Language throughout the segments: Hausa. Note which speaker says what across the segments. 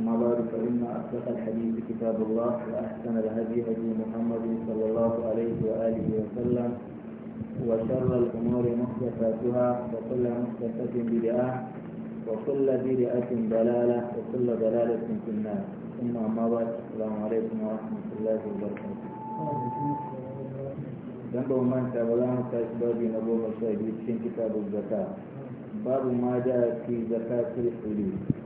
Speaker 1: أما بعد فإن أصدق الحديث كتاب الله وأحسن الهدي هدي محمد صلى الله عليه وآله وسلم وشر الأمور محدثاتها وكل محدثة بدعة وكل بدعة ضلالة وكل ضلالة في النار ثم أما بعد السلام عليكم ورحمة الله وبركاته. ذنب من تابعنا كأسباب نبوة في كتاب الزكاة باب ما جاء في زكاة الحلول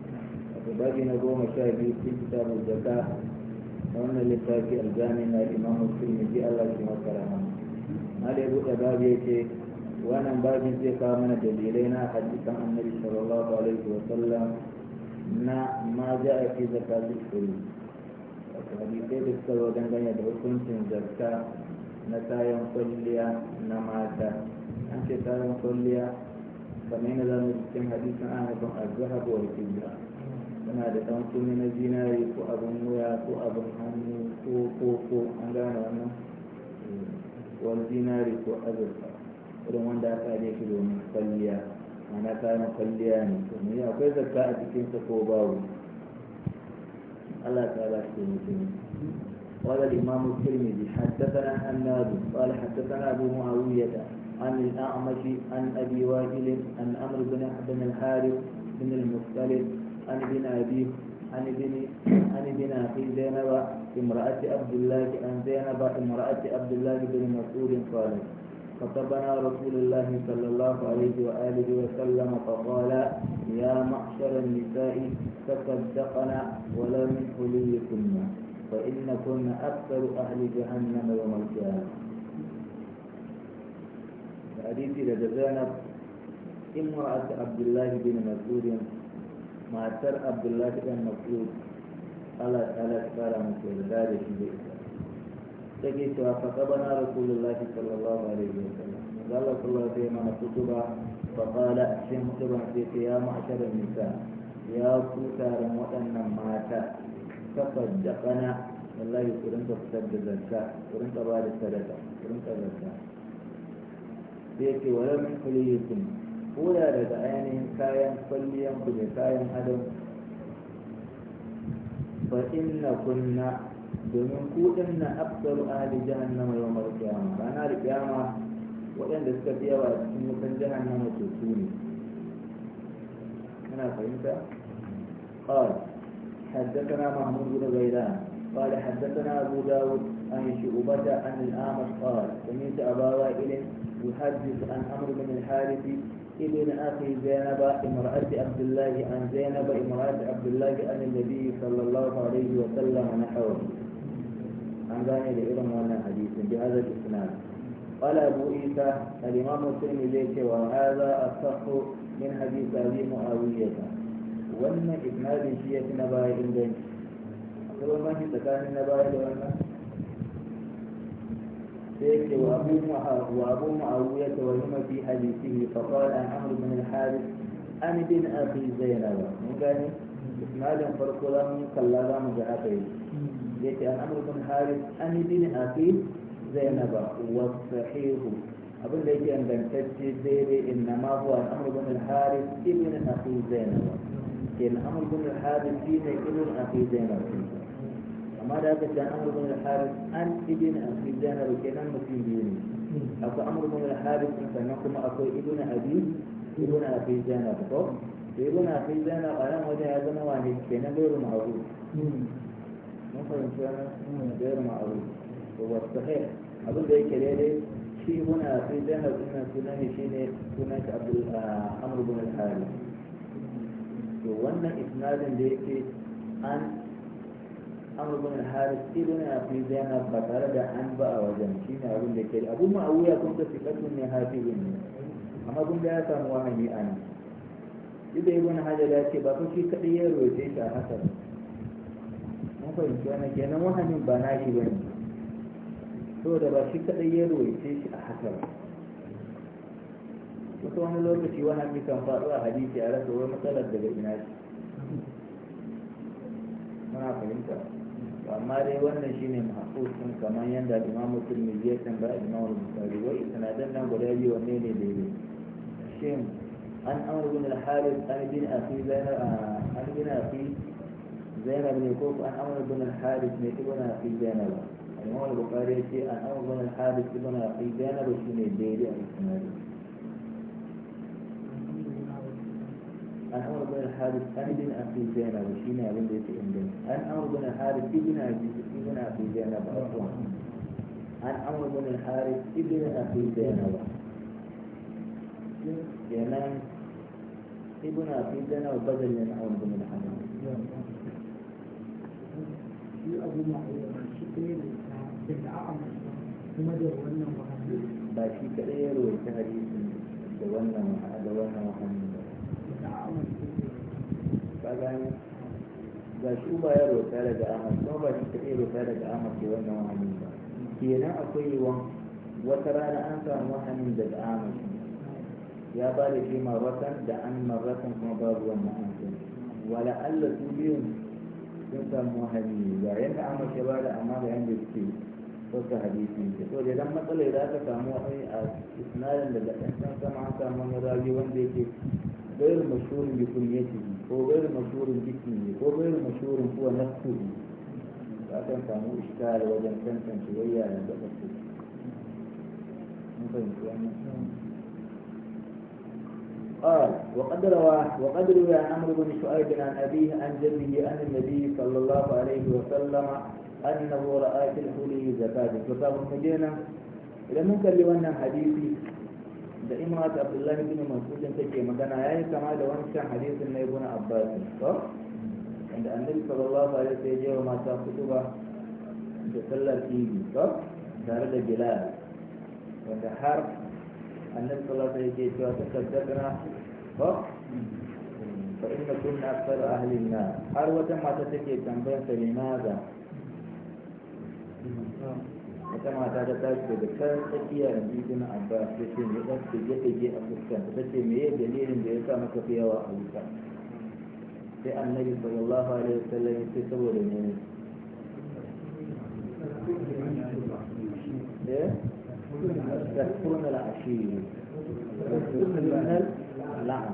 Speaker 1: babi na goma sha biyu cikin kitabun zaka a wannan littafi aljami na imamu tirmidhi Allah shi masa rama mala ya buɗe babi yake wannan babin zai kawo mana dalilai na hadisan annabi sallallahu alaihi wa sallam na ma ja'a fi zakatul furu hadisai da suka zo dangane da hukuncin jaka na kayan kwalliya na mata an ce kwalliya cikin hadisin ahmad bin az suna da ɗan kunni na zinari ko abin wuya ko abin hannu ko ko ko an gane wannan wani zinari ko azurfa irin wanda aka ajiye shi domin kwalliya ana kayan kwalliya ne to akwai zakka a cikinsa ko babu Allah ta ala haddasa mutum قال الإمام الترمذي حدثنا الناد قال حدثنا أبو معاوية عن الأعمش عن أبي وائل عن عمرو بن بن الحارث بن المختلف عن ابن أبي عن ابن عن ابن أخي زينب امرأة عبد الله عن زينب امرأة عبد الله بن مسعود قالت خطبنا رسول الله صلى الله عليه وآله وسلم فقال يا معشر النساء تصدقنا ولا من حليكن فإنكن أكثر أهل جهنم يوم القيامة حديث لدى زينب امرأة عبد الله بن مسعود matar abdullahi ɗan mas'ud Allah ta'ala ta fara musu yarda da shi da ita take cewa fa qabana rasulullahi sallallahu alaihi wa sallam Allah sallallahu alaihi ba ba kutuba fa qala mutu mutuba sai ta ya da nisa ya ku taron waɗannan mata ƙana wallahi ku rinka fitar da zarka ku rinka ba da sadaka ku rinka zarka sai ce wa kuli yi koda daga ainihin kayan kwalliyan ku da kayan adon fa inna kunna domin ku dinna afdalu ahli jahannama yawmal qiyamah da qiyama waɗanda suka fi yawa cikin wutan jahannama to su ne kana fahimta قال حدثنا محمود بن غيلان قال حدثنا ابو داود عن شعبة عن الأعمش قال سمعت أبا وائل يحدث عن عمرو بن الحارث ابن أخي زينب امرأة عبد الله عن زينب امرأة عبد الله عن النبي صلى الله عليه وسلم نحوه عن ذلك لإرم وانا حديث بهذا الإسناد قال أبو عيسى الإمام الترمذي وهذا الصح من حديث أبي معاوية وأن إسناد الشيعة نباية إنجاز أقول ما هي تكاهن نباية لأنه سيك وأبو معاوية وهم في حديثه فقال عن عمرو بن الحارث أنا بن أخي زينب مجاني إسماعيل فرقوا لهم كلا مجاهدين يأتي عن عمرو بن الحارث أنا بن أخي زينب والصحيح أبو ليك أن لم تجد إنما هو عمرو بن الحارث ابن أخي زينب كان عمرو بن الحارث ابن أخي زينب amma da aka ce an amurka da haris an na abi janar kenan mutum biyu ne akwai amurka da haris sannan kuma akwai ibn abi ibn abi janar ko ibn abi janar a nan wajen ya zama wani kenan gairu abu, mun fahimci mun wannan gairu abu, to wasu abin da yake daidai shi muna fi jihar suna sunan shi ne sunan shi abu ah, amur bin al-hari to wannan isnadin da yake an عمر بن الحارث سيدنا إيه في زينب بطرد عن بقى وجمشين أقول لك إيه؟ أبو معوية كنت سكت النهاتي بني أما قم لها تنوامي أنا إذا يقول هذا لا تبقى في تغيير وزيت أحسن ما فهمت أنا كنا وحن بناشي بني هو ده بس تغيير وزيت أحسن وكو أنا لو كنت وحن بكم فاروا حديثي على سورة مطلب دقائناش ما فهمت أنا amma dai wannan shine mahfusun kamar yanda Imam Tirmidhi ya tambaya Imam Bukhari wai sanadan nan guda biyu wanne ne daidai shin an amru bin al-Harith an bin Abi Zainab an bin Abi Zainab ne ko an amru bin al-Harith ne ibn Abi Zainab Imam Bukhari ya ce an amru bin al-Harith ibn Abi Zainab shine daidai a sanadin أمر بن الحارث ابن أخي زينب عفوا اندن أمر بن الحارث ابن أخي ابن ابي زينب عفوا بن الحارث ابن أخي زينب ينام ابن أخي زينب بدل من أمر بن الحارث ba shi kaɗai ya rawaita hadisin da wannan da wannan kaga ga shi ba ya roƙa daga Ahmad kuma ba shi kaɗai roƙa daga Ahmad ke wannan wahanin ba kenan akwai yiwuwan wata rana an samu wahanin daga Ahmad ya ba da shi marratan da an marratan kuma ba ruwan ma'ansu wala Allah su biyun sun samu wahani ga yadda Ahmad ya ba da amma ga yadda suke wasu hadisi ne to da idan matsalar za ka samu wani a isnadin daga ɗan sama an samu wani rawi wanda yake غير مشهور بكليته هو غير مشهور باسمه هو غير مشهور هو نفسه فأكن سامو إشكال وجن كان كان شوية لم يعني تفصل قال وقد روى وقد روى عن عمرو بن شعيب عن أبيه عن جده عن النبي صلى الله عليه وسلم أنه رأى في الحلي زكاة فصار مجينا لم ممكن حديثي da imrat abdullahi bin mas'udin take magana yayi kama da wancan hadisin na ibnu abbas ko wanda annabi sallallahu alaihi wasallam ya yi mata kutuba da sallar idi ko tare da bilal wanda har annabi sallallahu alaihi wasallam ya ce ta takaddabna ko fa inna kunna akthar ahli an-nar har wata mata take tambayar ta sa maza. wata mata ta tashi daga kan tsakiyar jibin abba ya ce mai ɗan tsige-tsige a fuskan ta ce me ya dalilin da ya sa maka fi yawa a wuta sai annabi sallallahu alaihi wasallam ya ce saboda ne ne
Speaker 2: تكون العشير وتكون اللعن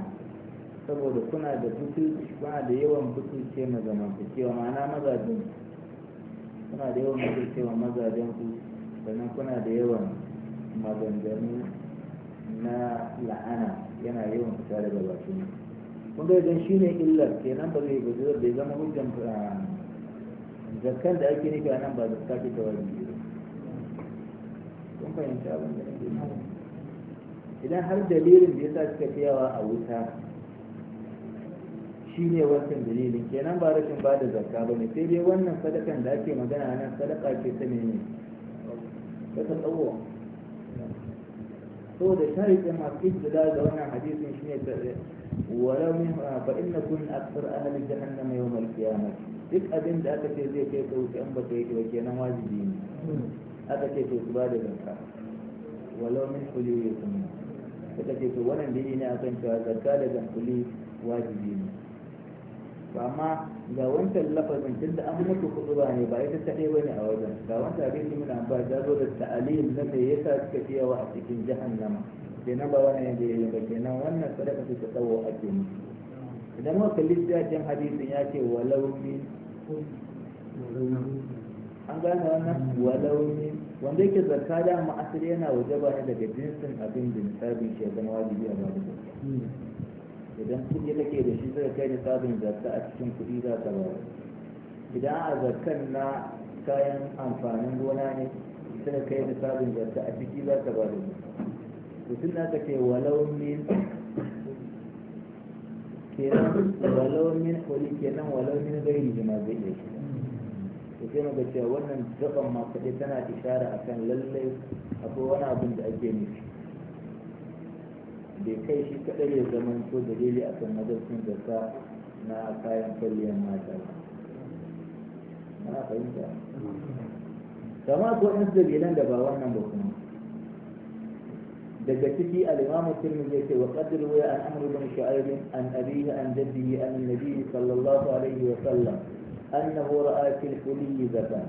Speaker 1: saboda kuna da butulci kuna da yawan butulce ma zamantakewa ma'ana mazajin kuna da yawan cewa mazajen ku sannan kuna da yawan maganganu na la'ana yana yawan fita daga bakin kun ga idan shine illar kenan ba zai gudu da zama hujjan ah, zakkan da ake nufi a nan ba zakka ce ta wajibi ba kun fahimta abin da nake idan har dalilin da sa suka fiyawa a wuta shi ne wancan dalilin kenan ba rashin ba da zakka ba ne sai dai wannan sadakan da ake magana nan sadaka ce ta ne ta ta tsawo so da shari'a masu ibtida da wannan hadisin shi ne ta walau min ah, fa inna kun akthar ahli jahannam yawm al-qiyamah duk abin da aka ce zai kai sauki an baka yake ba kenan wajibi ne aka ce to su ba da zakka walau min huliyatum suka ce to wannan dalili ne akan cewa zakka da zakuli wajibi ne ba amma ga wancan lafazin tun da an mutu kudu ba ne ba ita ta ba ne a wajen ga wancan da muna ba ta zo da ta'alim na me sa suka fi yawa a cikin jahannama kenan ba wani yadda ya yi ba kenan wannan sadaka su ta tsawo ake mu idan muka kalli jajin hadisin ya ce walau min an gane wannan walau ni wanda yake zakka da ma'asir yana waje ba ne daga jinsin abin da misali shi ya zama wajibi a da idan kuɗi kake da shi zai kai sabon zakka a cikin kuɗi za ta ba? idan a zakkan na kayan amfanin gona ne sai kai sabon zakka a ciki za ta ba da bayar mutum na ce walau min kenan walau min kuli kenan walau min gairi zai iya shi to sai muka cewa wannan gaban ma kaɗai tana ishara akan lallai akwai wani abin da ake nufi bai kai shi kaɗai ya zama ko dalili a kan da zaka na kayan kwalliyar mata ba na fahimta kama ko in dalilan da ba wannan ba kuma daga ciki al-imam tirmidhi ce wa qad ruwiya an amr ibn shu'ayb an abihi an jaddihi an nabi sallallahu alaihi wa sallam annahu ra'a fil kulli zakat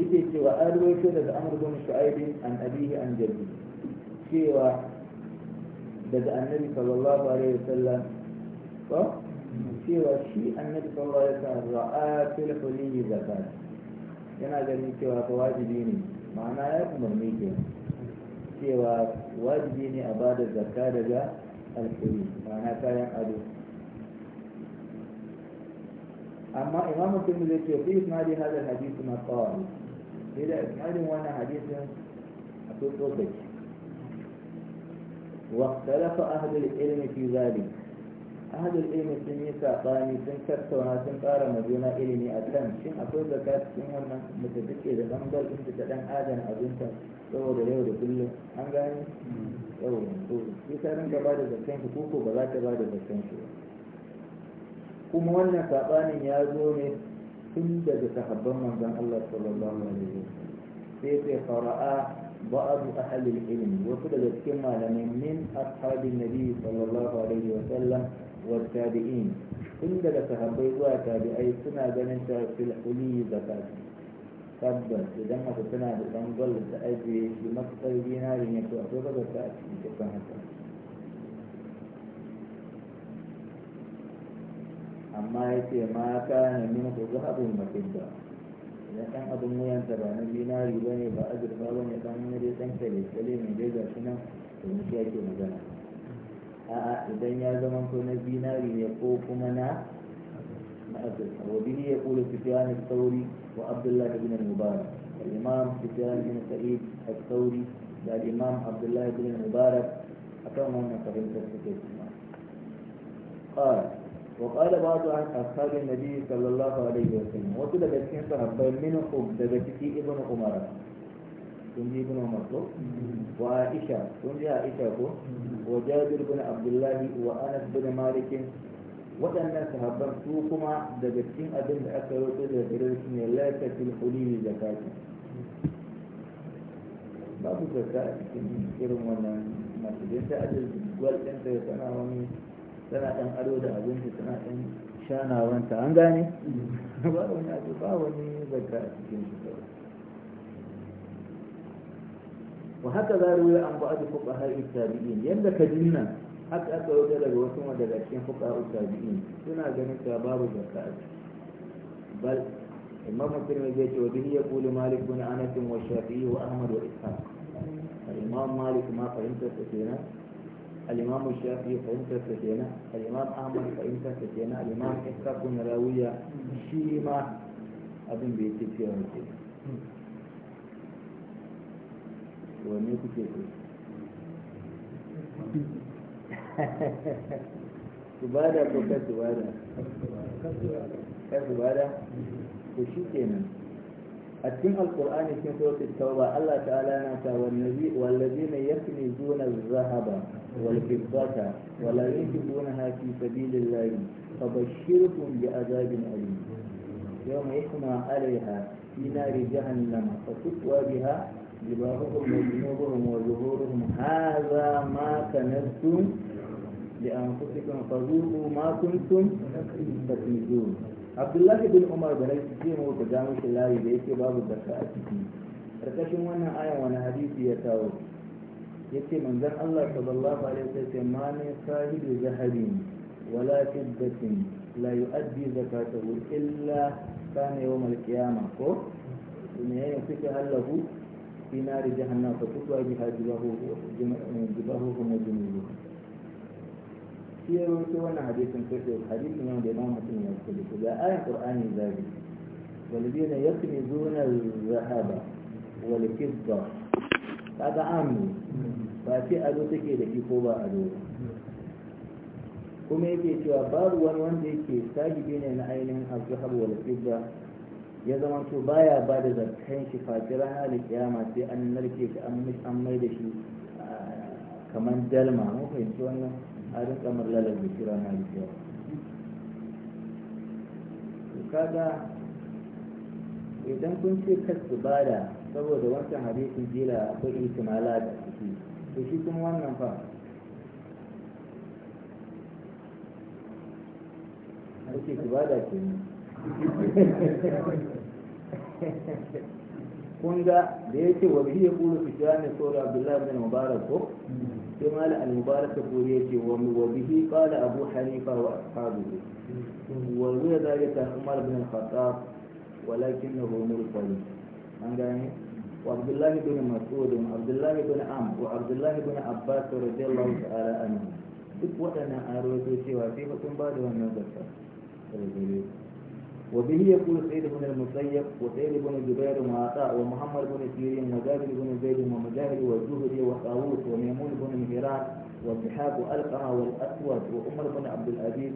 Speaker 1: yake cewa an ruwaito daga amr ibn shu'ayb an abihi an jaddihi cewa daga annabi sallallahu alaihi wasallam ko cewa shi annabi sallallahu alaihi wasallam ra'a fil huliyi zakat yana ganin cewa ta wajibi ne ma'ana ya umarni ke cewa wajibi ne a ba da zakka daga alhuri ma'ana kayan ado amma imam mutum zai ce fi isnadi hadal hadisi maqal sai da isnadin wannan hadisin akwai tsokaci واختلف أهل العلم في ذلك أهل العلم سن يساقاني سن كرتونا سن قارا مجونا إلمي أكلم شن أقول لك سن هنا متذكي إذا لم غنبر إنت تدن آدم أبنت سوى دليو دكل أنغاني يوم يقول يسارن كبار زكاين كوكو بلا كبار زكاين kuma wannan saɓanin ya zo ne tun daga sahabban manzon Allah sallallahu alaihi wasallam sai sai fara'a بعض أهل العلم وفضل كما لم من أصحاب النبي صلى الله عليه وسلم والتابعين كل عند تهبي وتابعي سنة بنت في الحلي زكاة تبت لدمة سنة بنقل تأجي بمكتب دينار يتوقف يعني زكاة أما يتي ما كان منه ذهب مكتب da ɗan abin wuyanta ba na zinari ba ne ba azurfa ba ne ɗan wani dai ɗan kyale-kyale ne dai ga shi nan da shi ake magana a'a idan ya zama ko na zinari ne ko kuma na na azurfa wa bihi ya kula sufyan sauri thawri wa abdullah ibn al-mubarak al-imam sufyan ibn sa'id al-thawri da al-imam abdullah ibn al-mubarak akan wannan fahimtar suke kuma قال وقال بعض أصحاب النبي صلى الله عليه وسلم وقال بسكين صحابة من أم ابن عمر تنجي ابن عمر وعائشة تنجي عائشة وجابر بن عبد الله وأنس بن مالك waɗannan sahabban su kuma daga cikin abin aka roƙo da gare su ne laika fil hulili zakatu babu zakka a cikin irin wannan masu gwal ɗin tana ɗan ado da abinci tana ɗan shanawanta an gane mm-hmm. ba wani abu ba wani zakka a cikin shi kawai wa haka za ruwa an ba da kuka har tabi'in yadda ka nan haka aka wuce daga wasu daga cikin har tabi'in suna ganin cewa babu zakka a ciki bal imam muslim zai ce wa bihi kuli malik bin anas wa shafi'i wa ahmad wa ishaq al imam malik ma fahimtar ta kenan الإمام الشافعي فإمسك لدينا الإمام أحمد فإمسك لدينا الإمام إسحاق بن راوية شيما أبن بيتي في رمسي ومن كتير تبادى كتبادى كتبادى وشي كينا أتم القرآن في سورة التوبة الله تعالى نتا نعم، والنبي والذين يكنزون الذهب والفضة ولا ينفقونها في سبيل الله فبشركم بعذاب أليم يوم يحمى عليها في نار جهنم فتكوى بها جباههم وجنوبهم وظهورهم هذا ما كنزتم لأنفسكم فذوقوا ما كنتم تكنزون abdullahi bin umar da rai ce mu da jamus layi da yake babu zakka a ciki karkashin wannan ayan wani hadisi ya kawo yace manzon Allah sallallahu alaihi wasallam ma ne sahibi zahabin wala fiddatin la yu'addi zakatahu illa kana yawm al-qiyamah ko ne ya fita Allahu fi nari jahannam fa tutwa biha jibahuhum wa junubuhum shi ya rawaito wannan hadisin sai sai hadisin ne da imamu muslim ya rubuta ga ayan qur'ani zabi walidina yaknizuna zahaba wal fidda kaga amu ba ce ado take da shi ko ba ado kuma yake cewa babu wani wanda yake sahibi ne na ainihin azhar wal fidda ya zama to baya ba da zakkan shi fati ranar alkiyama sai an narke shi an mai da shi kamar dalma mun fahimci wannan a kamar lalar da kira na alkiyar to kaga idan kun ce kasu bada saboda wancan hadisin jila akwai ihtimala da ciki to shi kuma wannan fa ake su bada ke ne كندا ليس وبه يقول في شأن سورة عبد الله بن المبارك كمال المبارك يقول وبه قال أبو حنيفة وأصحابه وغير ذلك عمر بن الخطاب ولكنه مرسل وعبد الله بن مسعود وعبد الله بن عم وعبد الله بن عباس رضي الله تعالى عنه duk waɗannan أروي cewa sai mutum بعد da wannan وبه يقول سعيد بن المسيب وسعيد بن الزبير وعطاء ومحمد بن سيرين وجابر بن زيد ومجاهد والزهري وطاووس وميمون بن مهران وضحاك ألقمة والأسود وعمر بن عبد العزيز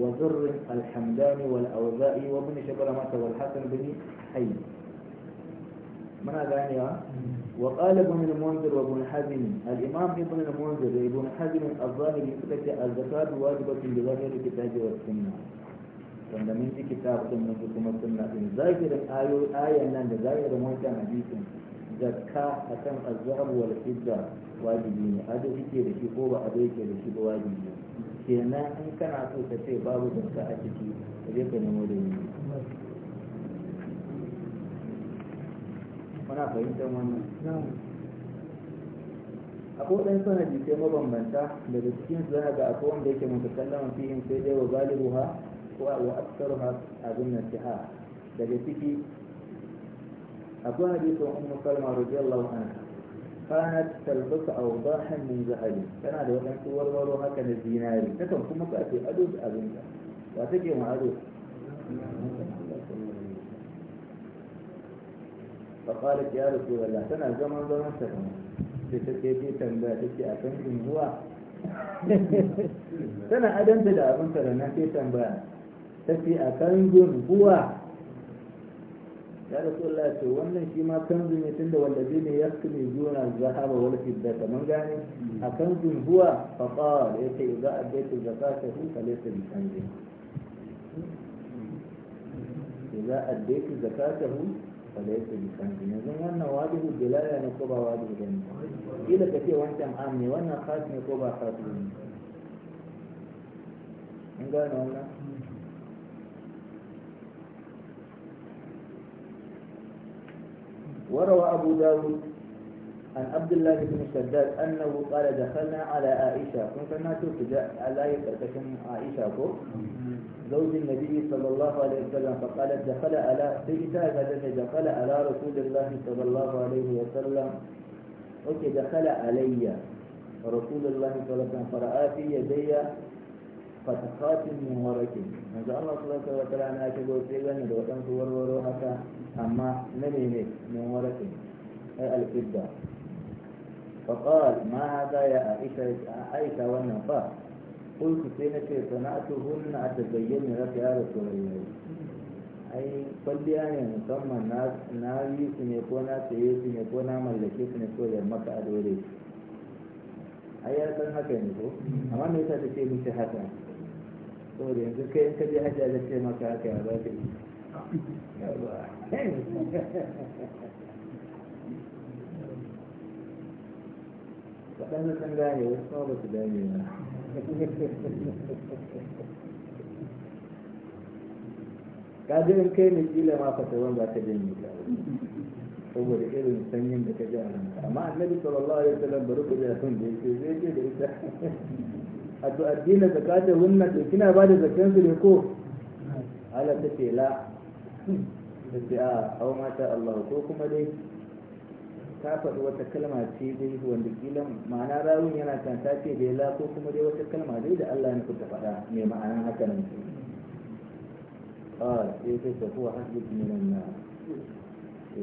Speaker 1: وزر الحمداني والأوزائي وابن شبرمة والحسن بن حي من يعني وقال ابن المنذر وابن حزم الإمام ابن المنذر ابن حزم الظاهري الزكاة واجبة بظاهر الكتاب والسنة wanda mun ji kitab din mun kuma sunna din zahirin ayo ayan nan da zahirin wancan hadisin zakka akan azhab wal fidda wajibi ne ado yake da shi ko ba ado yake da shi ba wajibi ne kenan in kana so ka ce babu zakka a ciki ka ka nemo da ni muna fahimtar wannan akwai ɗan sana jike mabambanta daga cikin su ga akwai wanda yake mutakallama fihim sai dai wa galibu ha وأكثرها أظن الشعار دجتك أقول حديث أم سلمة رضي الله عنها كانت تلبس أوضاحا من ذهب كان هذا وكان صور وروها كان الزيناري تكون كما تأتي أدوز أبنك وأتجي مع أدوز فقالت يا رسول الله سنة زمن زمن تتكي تتكيتي تنباتك أكنتم هو سنة adanta da abinta da nan tafi a kanzun huwa ya rasu Allah ce wannan shi ma kanzun ne da wanda zai ne ya su ne juna zahaba wal fidda man gane hmm. a kanzun huwa fa qala yace idza adaitu zakatahu za laysa bi kanzun idza ta zakatahu fa laysa bi kanzun yanzu wannan wajibu bilaya ne ko ba wajibu bane kila ce wancan am ne wannan khas ne ko ba khas ne an gane wannan وروى أبو داود عن عبد الله بن شداد أنه قال دخلنا على عائشة كنت ناتو على يتركشن عائشة زوج النبي صلى الله عليه وسلم فقالت دخل على سيدة دخل على رسول الله صلى الله عليه وسلم أوكي دخل علي رسول الله صلى الله عليه وسلم فرأى في يدي fatikatin min warakin yanzu Allah subhanahu wa ta'ala na ta goce gani da waɗansu warwaro haka amma na ne min warakin ai al-ibda فقال ما هذا يا na عائشة والنفاق قلت سينك صنعتهن أتبين لك يا رسول الله ai kwalliya ne musamman na yi su ne ko na saye su ne ko na mallake su ne ko da maka a dole ai ya san haka ne ko amma me yasa ta take miki haka saboda yanzu kai in ka je hajji da ce maka haka ya za ka yi waɗanda sun gane wasu ma ba su gane ba kai ne kila ma fatawan ba ta saboda irin sanyin da ka ji a ranka amma annabi sallallahu alaihi wasallam bari ku da sun da yake zai je da ita a to addina zakatar wunna to kina ba da zakan su ne ko ala ta ce la ta ce a ah, au mata Allah ko kuma dai ta faɗi wata kalma ce dai wanda kila ma'ana rawun yana kan ta ce dai la ko kuma dai wata kalma dai da Allah ne kuka faɗa mai ma'ana haka nan قال إيه تفوح حسبك من النار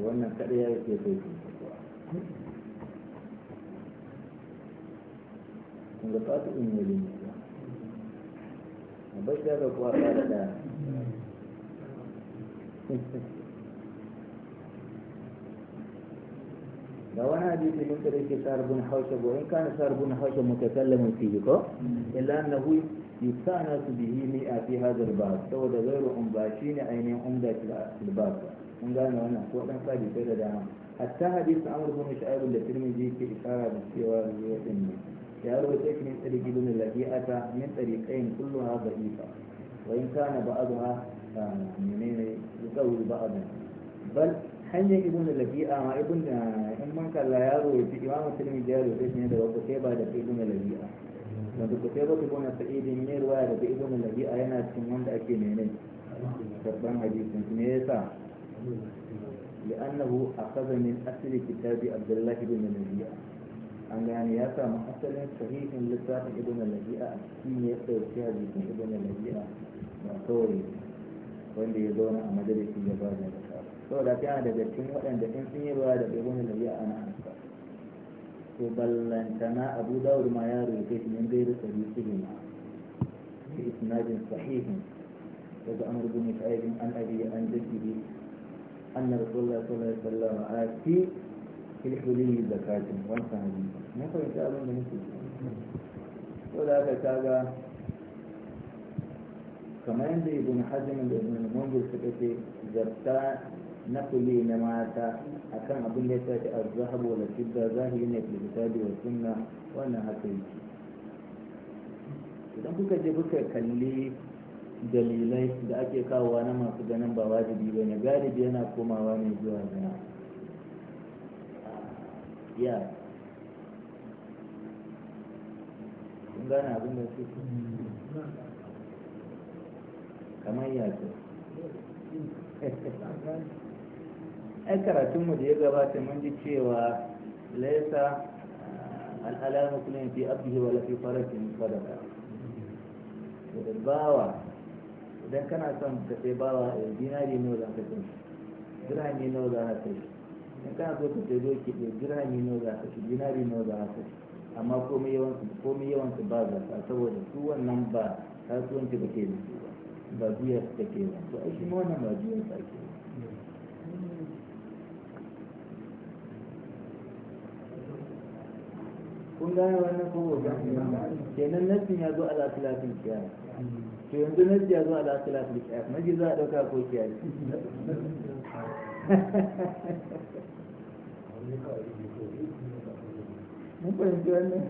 Speaker 1: wannan kaɗai ya ke sai ungepata ilmu يكون na basi hata kuwa baada لو انا حديث من طريق سار بن حوشب وان كان سار بن حوشب متكلم فيه كو الا انه يستعنى به مئة في هذا الباب سوى غير يكون باشين عين ام ذات الباب ان قال انا هو كان قاعد يقول حتى حديث عمر بن شعيب الذي ترمي به في اشاره بالسوى الوحيد يارو شيخ من طريق ابن الذي أتى من طريقين كلها ضعيفة وإن كان بعضها آه، منين يقول بعضا بل حي آه، ابن الذي آه، أما ابن إما كان لا يارو في إمام سلم يارو شيخ من دوقة كيبا جاء ابن الذي أتى من دوقة كيبا تبون سعيد من رواية ابن الذي أتى أنا سمعت أكيد منين سبحان حديث من يسا لأنه أخذ من أصل كتاب عبد الله بن المبيع an gane ya samu asalin sahihin littafin ibn al-lahi'a shi ne ya ɗauki hadisin ibn al-lahi'a ba kawai wanda ya zauna a majalisi ya ba da saboda ta yana daga cikin waɗanda in sun yi ruwa da ibn al-lahi'a ana hanka to ballantana abu dawud ma ya rubuta shi da gairu sahihin ma bi isnadin sahihin daga amr ibn sa'id an abi an jaddi anna rasulullah sallallahu alaihi wasallam ati fil hulil zakatin wannan hadisi na fahimta abin da nake ko da aka kaga kamar yadda ibn hajjim da ibn munzir suka ce zarta na kuli na mata a kan abin da ya tafi azhabu wal fidda zahiri ne fil kitabi wa sunna wannan haka yake idan kuka je kuka kalli dalilai da ake kawowa na masu ganin ba wajibi ba ne galibi yana komawa ne zuwa zina Ya kun gane abin da su kamar yato ai karatunmu da ya gabata mun ji cewa laisa ah, al'alamu kullum fi abdihi wala fi farasin sadaka da bawa idan kana son ka sai bawa eh, dinari nawa za ka kai dirhami nawa za ka kai in kana so ka sai doki da dirhami nawa za ka ci dinari nawa za ka ci amma komai yawansu komai yawansu ba ba ka saboda su wannan ba kasuwanci ba ke da su ba biya su ke ba to ai shi ma wannan ba biyar ta ke kun gane wannan ko ba kenan nassin ya zo ala tilafin kiyama to yanzu nassin ya zo ala tilafin kiyama maji za a ɗauka ko kiyama mun fahimci wannan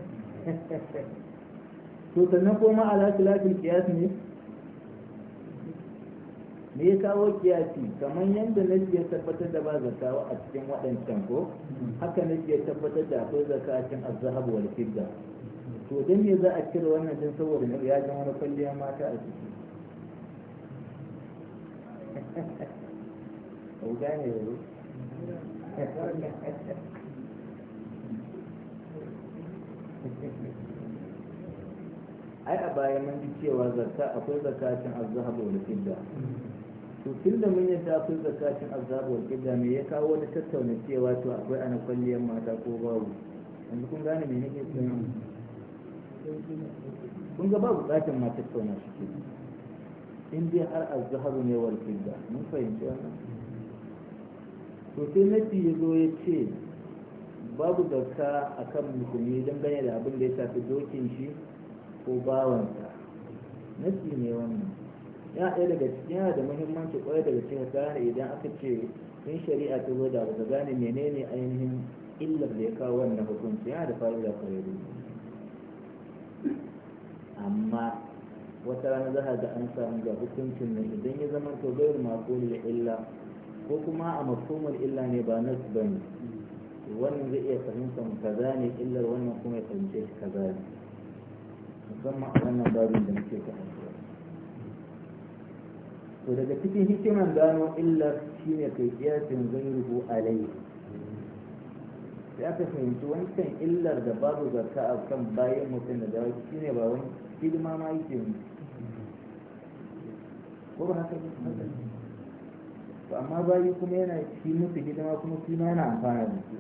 Speaker 1: to sannan ne me ya kawo kiyasi kamar yadda na ke tabbatar da ba zakawa a cikin waɗancan ko haka na ke tabbatar da akwai zakacin azhabu wal fidda to dan me za a cire wannan din saboda ya ga wani kwalliya mata a ciki in gane yanzu ai a baya mun ji cewa zakka akwai zakatun azhab wani fidda to tun mun yadda akwai zakatun azhab wani fidda me ya kawo wani tattauna cewa to akwai ana kwalliyar mata ko babu yanzu kun gane me nake so kun ga babu bukatun ma tattauna shi ke in har azhab ne wal fidda mun fahimci wannan to sai nafi ya zo ya ce babu dauka a kan musulmi dangane da abin da ya shafi dokin shi ko bawansa nafi ne wannan ya ɗaya daga cikin yana da muhimmanci ƙwarai daga cikin gane idan aka ce in shari'a ta zo da ba gane menene ainihin illar da ya kawo wannan hukunci yana da da ƙwarai amma wata rana za a ga an samu ga hukuncin nan idan ya zama to gairu da illa ko kuma a mafhumul illa ne ba nas bane wannan zai iya fahimtar kaza ne illar wannan kuma ya fahimce shi kaza ne musamman a wannan babin da muke karanta to daga cikin hikiman gano illar shine kai kiyasin zairuhu alayhi sai aka fahimci wancan illar da babu zakka a kan bayan mutum da shi shine ba wani hidima ma yake ko ba haka ne to amma bayi kuma yana shi musu hidima kuma su ma yana amfana da su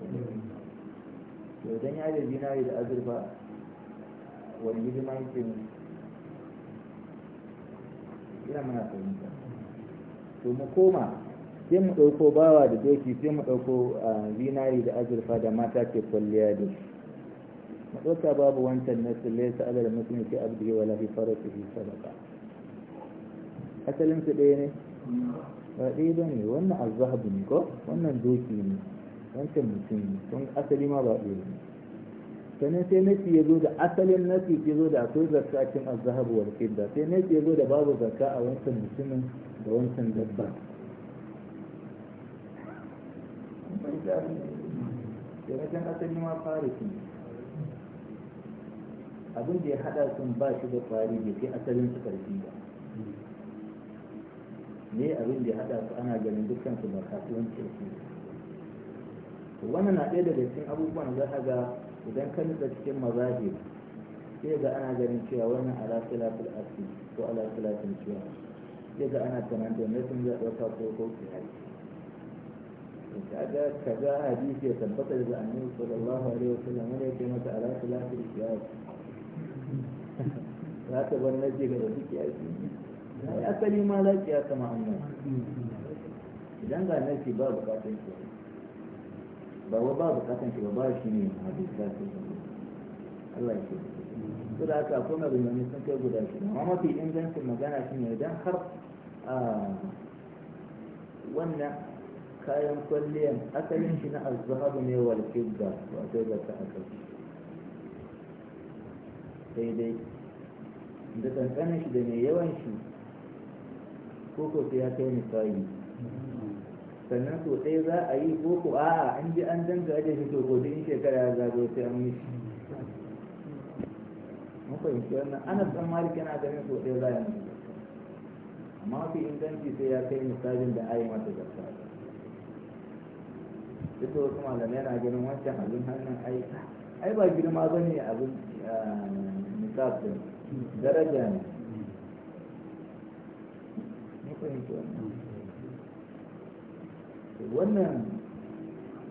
Speaker 1: to dan ya da zinari da azurfa wani hidima yake ne ina mana fahimta to mu koma sai mu ɗauko bawa da doki sai mu ɗauko zinari da azurfa da mata ke kwalliya da su mu babu wancan na tsalle ala da mutum ke abdi wala fi farasihi sadaka asalin su ɗaya ne faɗi ba ne wannan azahabu ne ko wannan doki ne wancan mutum ne tun asali ma ba ɗaya ne sannan sai nafi ya zo da asalin nafi ya zo da akwai zarka a cikin azahabu wa fidda sai nafi ya zo da babu zarka a wancan mutumin da wancan dabba sai asali ma fara ne abin da ya haɗa sun ba shi da fari da kai asalin su ƙarfi ba ne abin da ya haɗa su ana ganin dukkan su ba kasuwanci ne wannan na ɗaya daga cikin abubuwan za a ga idan ka nutsa cikin mazahir sai ga ana ganin cewa wannan ala filafil asi ko ala filafil ciwa sai ga ana ne sun zai ɗauka ko ko kiyari kaga kaza hadisi ya tabbata da annabi sallallahu alaihi wasallam ne yake mata ala filafil ciwa za ta bar naji ga da suke aiki asali ma lafiya qiyasa ma annu idan ga nafi ba bukatun shi ba wa ba bukatun shi ba ba shi ne hadisa ce Allah ya ce da haka akwai maganganu sun kai guda shi amma mafi ingancin magana shi ne idan har wannan kayan kwalliyan asalin shi na azhabu ne wal fidda wato da ta asali daidai da kankanin shi da mai yawan shi Koko sai ya kai misali sannan so ɗaya za a yi ko a a an ji an danga aje shi to ko duk shekara ya zago sai an yi shi mun fahimci wannan ana san malik yana ganin so ɗaya za a yi amma fi inganci sai ya kai misalin da ayi mata zakka duk wasu malamai na ganin wancan abin hannun ai ai ba girma bane abin misalin ah, daraja ne wannan wannan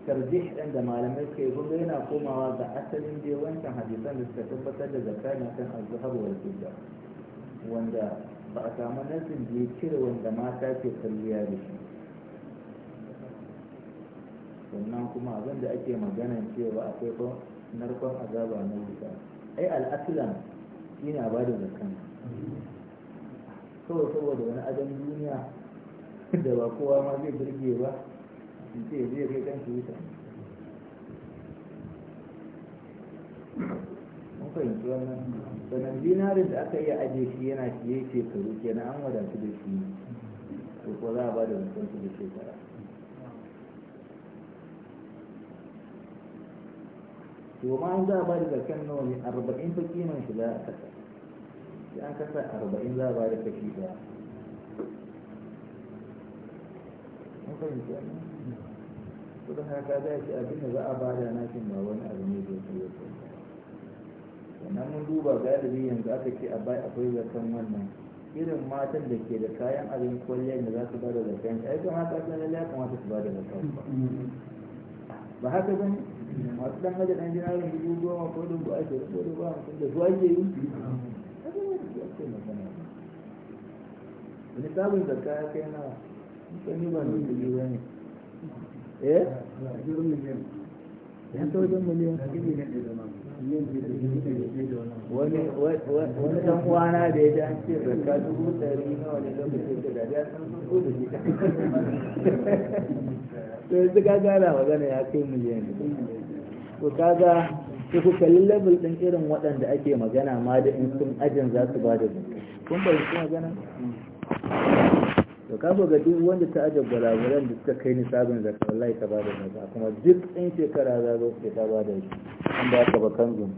Speaker 1: tarjih ɗin da malamai yi gudu yana komawa ga asalin dai wancan hadisan da suka tabbatar da zakka kan azhar wal jidda wanda ba a samu nasin da ya cire wanda mata ke kalliya da shi sannan kuma abin da ake magana cewa akwai narkon azaba na wuta ai al'asulan yana ba da zakka kawai saboda wani adam duniya da ba kowa ma zai birge ba ce zai kai kan wuta mun fahimci wannan sanan dinarin da aka iya aje shi yana fiye shekaru kenan an wadatu da shi to ko za a ba da mutum da shekara to ma an za a ba da zakan nawa ne arba'in fa kiman shi za a kasa sai an kasa arba'in za a ba da kashi daya mun fahimci ko kuma haka za a ce abin da za a ba da nakin ba wani abu ne zai kai kai sannan mun duba galibi yanzu aka ce a bai akwai zaton wannan irin matan da ke da kayan abin kwalliya da za su ba da zakan ai kuma haka san lalle ya kamata su ba da zaton ba haka ba ne masu dan hajji ɗan jinarin dubu goma ko dubu ashirin ko dubu hamsin da zuwa ke yi nisabin zakka ya kai na sani ba ne kudi ba ne eh ya ta wajen
Speaker 2: miliyan wani dan uwana da ya ji an ce zakka
Speaker 1: dubu ɗari na wani lokacin da dariya sun su da shi to yanzu ka gana magana ya kai miliyan ne to ga sai ku kalli level ɗin irin waɗanda ake magana ma da in sun ajin za su ba da kun bari su magana to kafa ga duk wanda ta ajin gwalagwalan da suka kai nisabin zaka wallahi ta ba da zaka kuma duk ɗin shekara za zo ta ba da shi an ba ka ba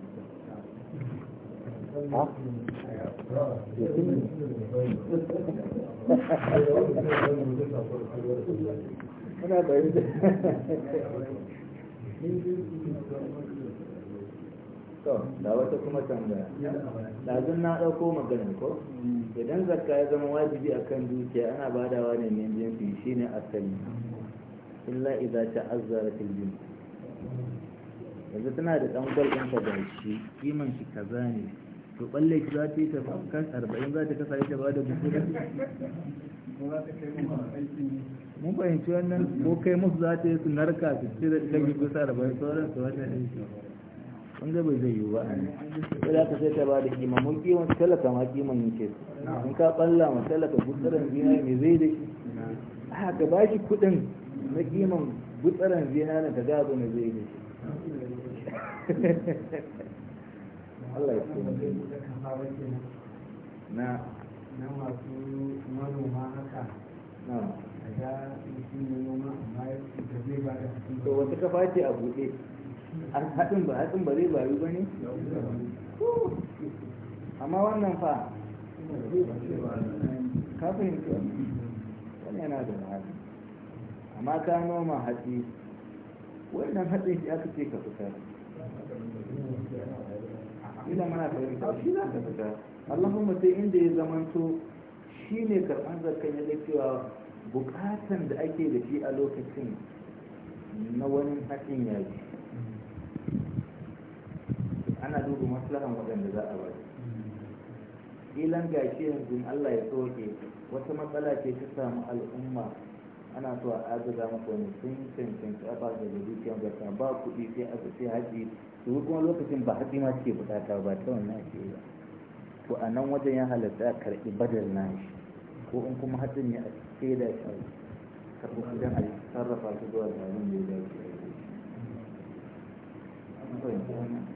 Speaker 1: to da wata kuma tambaya ɗazun na ɗauko magana ko idan zakka ya zama wajibi akan dukiya ana badawa ne mai shi shine asali illa idza ta'azzara fil jins yanzu tana da ɗan gwal ɗin da shi. kiman shi kaza ne to balle shi za ta yi ta kan arba'in za ta kasa ita ba da buku da mun fahimci wannan ko kai musu za ta yi su narka su cire ɗan bisa arba'in sauran su wannan ɗin an ga zai yi wa ne sai da ka sai ta ba da kima mun kiman talaka ma kima kiman ce in ka balla ma talaka gutsaran zinari me zai da shi a ka ba shi kudin na kiman gutsaran zinari ta gado me zai da shi Allah ya kuma na na masu manoma haka na ga mutum noma amma ya zai ba da to wata kafa ce a buɗe haɗin ba haɗin ba zai bayu ba ne amma wannan fa ka fahimci wani yana da wahala amma ka noma hatsi wannan haɗin shi aka ce ka fitar ila mana fahimta shi za ka fitar allahumma sai inda ya zamanto shi ne karɓar zarkan ya cewa bukatan da ake da shi a lokacin na wani haɗin ya ji ana duba maslahan waɗanda za a su ilan gashi yanzu Allah ya soke wata matsala ce ta samu al'umma ana so a agaza maka wani sun cancanci a ba da ba kuɗi sai a sai haji su kuma lokacin ba haji ma suke bukata ba ta wannan ake ba to a nan wajen ya halatta a karɓi badal na shi ko in kuma hatsin ya a da shi karɓi kuɗin a sarrafa su zuwa da abin da ya dace a yi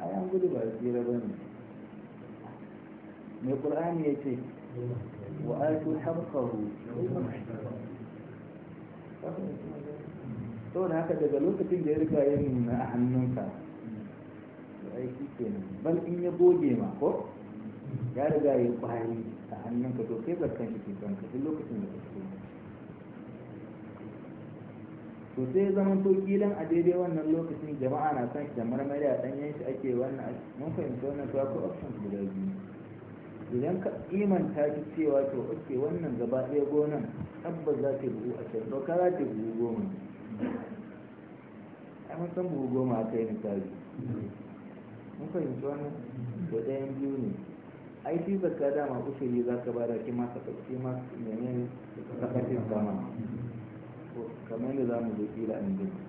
Speaker 1: ayan gudu ba tsira ba ne mai ƙur'ani ya ce wa aiku harfaru saboda haka daga lokacin da ya riga yin na hannunka da aiki kenan bal in ya goge ma ko ya riga ya kwari a hannunka to kai barkan shi ke kanka duk lokacin da ka so to sai zama to kilan a daidai wannan lokacin jama'a na son da marmari a ɗanyen shi ake wannan mun fahimta wannan to akwai option guda biyu idan ka imanta ki cewa to ok wannan gaba ɗaya gonan tabbas za ta buhu a can ka za ta buhu goma ai mun san buhu goma aka yi misali mun fahimci wannan to ɗayan biyu ne ai shi zaka dama ushiri za ka bada ki ma ka ɗauki ma menene ka kafin sama kamar yadda za mu zo kila an gani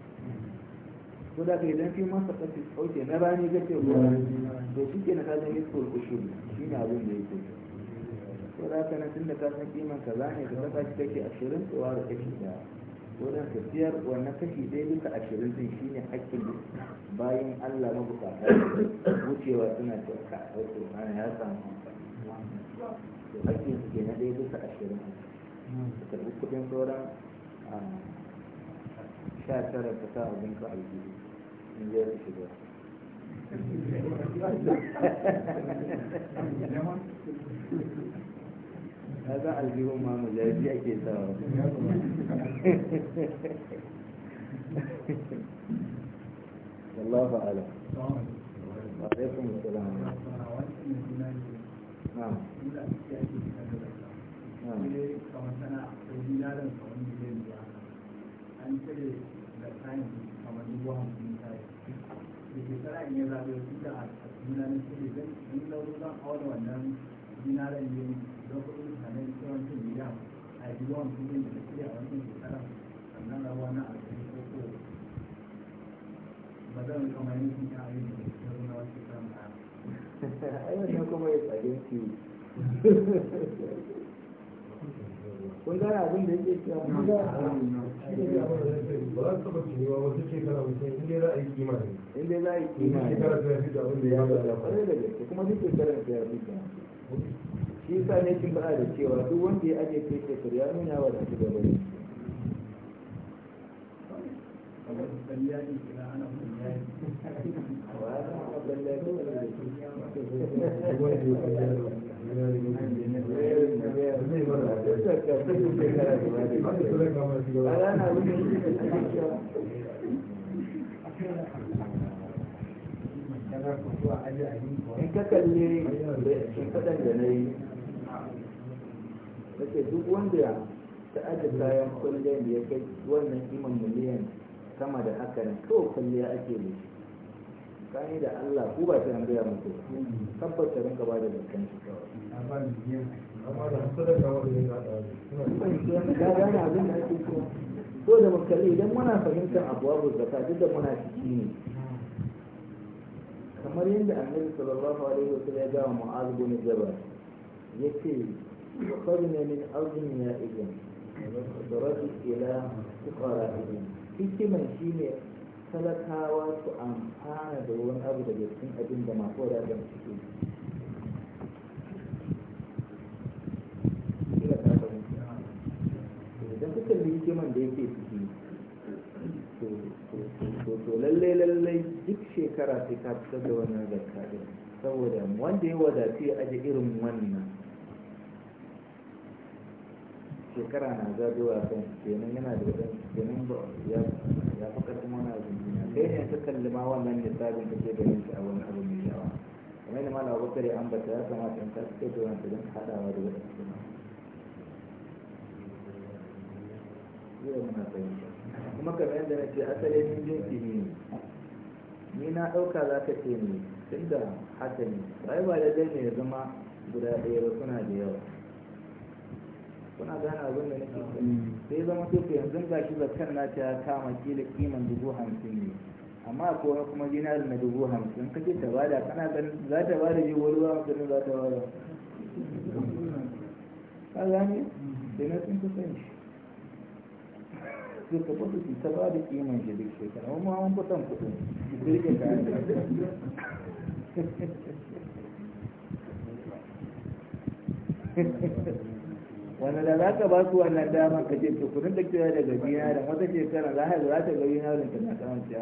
Speaker 1: ko da kai idan kai masa kafi kauce na rani kake ruwa to shi ke na ka zan iskul ushul shi ne abin da yake ko da haka nan tunda ka san kiman ka zane ka saka shi kake ashirin tsawa da kashi daya wajen tafiyar wannan kashi ɗaya duka ashirin din shi ne hakkin bayan allah mabukata wucewa suna cewa a wasu ya samu hakkin su ke na ɗaya duka ashirin ka karɓi kuɗin sauran sha tara ka sa abinka a gidi in je ka shiga na za a jihun ma mu jaji ake sawa والله أعلم
Speaker 2: وعليكم السلام نعم نعم
Speaker 1: an cire da kayan kamar dubu hamsin kayan da shekara in ya zaɓe su da a juna na cire zan in lauro zan aure wannan juna da yin lokacin da na yi tsawon cin miliyan a dubu hamsin din da cire a wancan shekara
Speaker 2: sannan rawa na alfahari ko ko ba zan kamar yin cin kayan
Speaker 3: da na cire na wasu kan
Speaker 1: ba. kuma ya tsage ki. kun abin da yake cewa kun ga ba
Speaker 2: za su cewa wasu shekara mutum in dai za a yi kimanin in dai za a yi kimanin shekara ta yafi da abin da ya da kwarai
Speaker 1: da gaske kuma duk shekara ta da shi sa ne kin faɗa da cewa duk wanda ya aje kai shekaru ya nuna wa da shi gaba ne Thank you. in
Speaker 2: ka kalli shimfiɗan da na yi
Speaker 1: nake duk wanda ta ajiye kayan kwallon da ya kai wannan iman miliyan sama da haka ne kawai kwalliya ake da shi kayan da Allah ko ba ta an gaya mutu tabbata rinka da zakkan shi kawai ka gane abin da ake so so da makalli idan muna fahimtar abuwa zaka duk da muna ciki ne kamar yadda annabi sallallahu alaihi wasallam ya gawa mu'az bin jabal yace qadna min ardin ya ibn darati ila fuqara ibn hikiman shine talakawa su amfana da wani abu daga cikin abin da masu wadatar ciki. hikiman da yake ciki to lallai lallai duk shekara sai ka fitar da wannan zakka din saboda wanda ya wadatu ya aje irin wannan shekara na zagawa kan kenan yana da wadan kenan ya fi karfin wani abu kai ne ta kalli ma wannan lissafin kake ganin shi a wani abu mai yawa kamar da malam abubakar ya bata ya kamata in ka fitar da wannan don haɗawa da wadansu kila muna kuma kamar yadda na ce asalin jinsi ne ni na ɗauka za ka ce ne tun da haka ne bai ba da ne ya zama guda ɗaya ba suna da yawa kuna gane abin da nake mm. sai zama so yanzu ga shi zakan na ta kama kila kiman dubu hamsin ne amma ko kuma dinar na dubu hamsin kake ta bada kana ganin za ta bada ji wani ba hamsin za ta bada ka gane da mm. na sun kusan shi sai ka gudu su ta bada kiman shi duk shekara amma an kusan kuɗin su rike kayan wani da za ka ba su wannan damar ka ce tukunin da kira daga biya da wata shekara za a za ta gari na ta na kan ta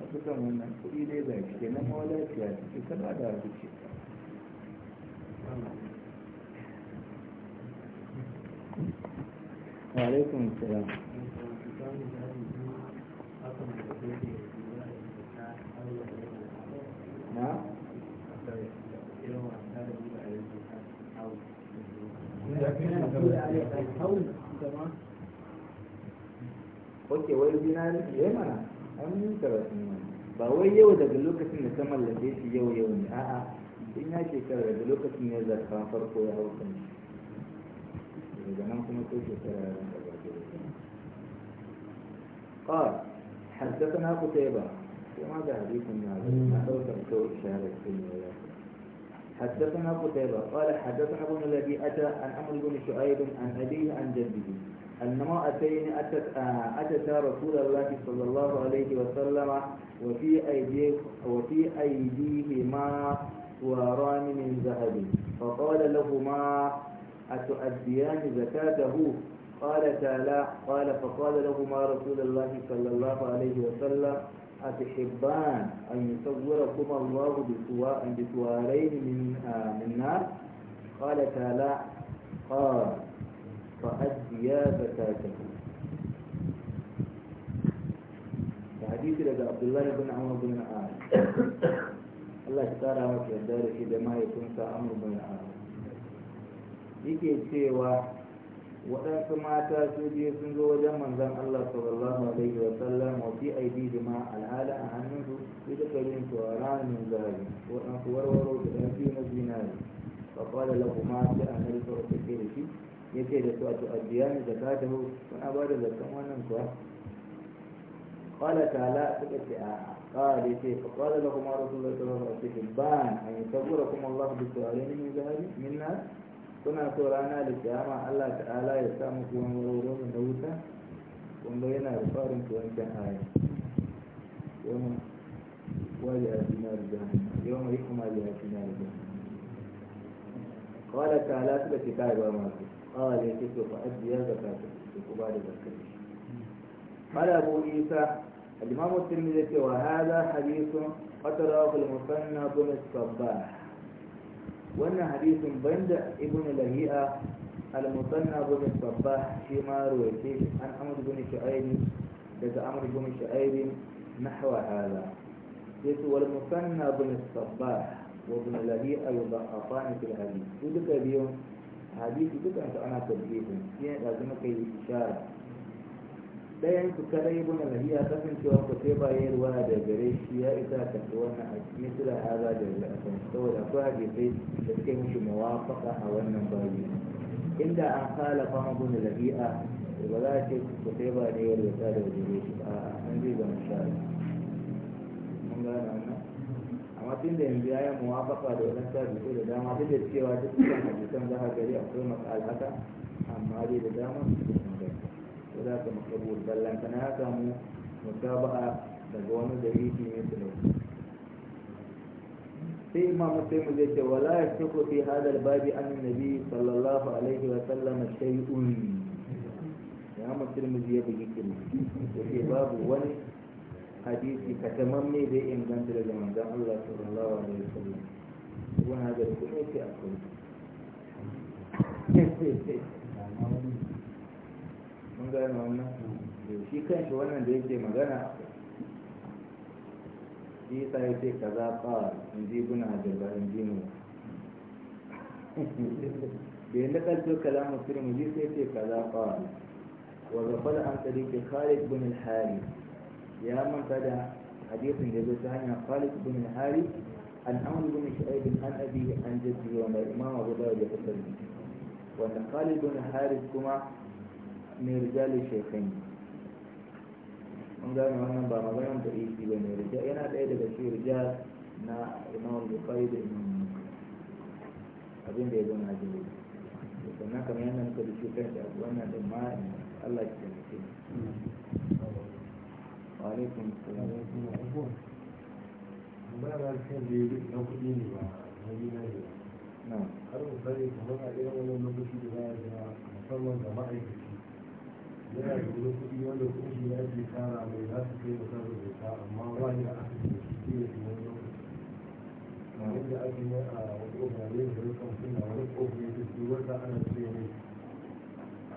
Speaker 1: a kusan wannan kuɗi ne ga shi ke nan mawala ce a ciki ba da wasu shekara وعليكم السلام Oke, wai zinari ya yi mana, an yi karatu mana. Ba wai yau daga lokacin da ta mallake shi yau yau ne, a'a, in ya shekara daga lokacin ne zarfa farko ya hau kan shi. daga nan kuma sai ke tsara yaran da ba ke kawai haddasa na ku sai ba sai ma da hadisin na zai na ɗaukar ko isharar sun yi na ku sai ba kawai haddasa na an amurgo ni shu'aibin an adiyu an an nama a sai ni ta rasulun lafi sallallahu alaihi wa sallama wa fi aidihi ma ورام من ذهب فقال لهما أتؤديان زكاته قال تعالى قال فقال لهما رسول الله صلى الله عليه وسلم أتحبان أن يصوركما الله بسوارين من من نار قال تعالى قال فأديا زكاته حديث لدى عبد الله بن عمر بن عامر الله تعالى الدار إذا ما يكون سأمر بن عامر yake cewa waɗansu mata su biyu sun zo wajen manzan Allah sallallahu alaihi wa sallam wa fi aidi ma alhala a hannunsu su duka yin tsoron min zahabi waɗansu warwaro da ɗan biyu na zinari fa qala lahuma sai annabi sallallahu alaihi wa sallam yace da su a tu'addiyani zakatahu kuna ba da zaton wannan kuwa qala tala suka ce a'a قال يتي فقال لهما رسول a cikin الله a وسلم بان ان يصبركم الله بسؤالين من ذهب من نار kuna so rana da kiyama Allah ta'ala ya sa muku wani wurwurin na wuta wanda yana da farin tuwancin aya yawan wali a dinar jahannam yawan yi kuma li a dinar jahannam kawai ta'ala suka ce kai ba masu kawai da yake so fa'ajiyar da kafin da kuma da zakar قال أبو عيسى الإمام الترمذي وهذا حديث قد رواه المثنى بن الصباح wannan hadisin banda ibn lahi'a al-musanna bin sabbah shi ma ruwaice an amr bin shu'aib daga amr bin shu'aib nahwa hada yace wal musanna bin sabbah wa bin lahi'a yudha'afan fil hadith duka biyun hadisi dukan ana tabbihin shi ne da zama kai ishara ɗayan su kare ibn al-hayya kasancewa ko sai ba yayin ruwa da gare shi ya isa ka ci wannan hadisi misra haza da ya hasan saboda akwai sai da suke mishi muwafaqa a wannan bayi inda an kala fa ibn al da ba za a ce ko sai ba ne ya rubuta da gare shi a an zai ga misali mun gane wannan amma tun da yanzu ya yi muwafaqa da wannan ko da dama duk da cewa duk kan hadisan za a gari akwai mas'al amma dai da dama ذاك مقبول بل لن تناكموا متابعة تقوم دريتي مثله في إمام مسلم ذلك ولا يشك في هذا الباب أن النبي صلى الله عليه وسلم شيء يا مسلم زي بيكم وفي باب وني حديثي كتممي بإن كنت لزمان الله صلى الله عليه وسلم وهذا الكل في أكل kun gane wannan shi kanshi wannan da yake magana shi sa ya ce ka za in ji buna jirgin jini da yadda kalto kalamun turmuzi sai ce ka za fa wa gabal an ke khalid bin al-hari ya manta da hadisin da zai ta hanyar khalid bin al-hari عن عمرو an شعيب عن أبيه عن جده وعن الإمام أبو داود wanda Khalid bin al-Hari kuma. mai rijali shekai an wannan ba maganar da isi ba ne da yana ɗaya daga cikin rijal na imam bukhari da imam abin da ya zo na jini sannan kamar yana muka da cikin da wannan da ma Allah ya taimake wa alaikum salam
Speaker 2: ba da shi da na ne ba na yi na ne ba har misali kamar a irin wani lokaci da za a ga musamman ga ma'aikaci yana da wani kuɗi wanda ya ke kara mai za su kai masa rubuta amma ba ya aka ke shi ne wani lokaci da ake yi a wasu ƙogare zai wani kamfuna wani ƙogare da su wata ana ce ne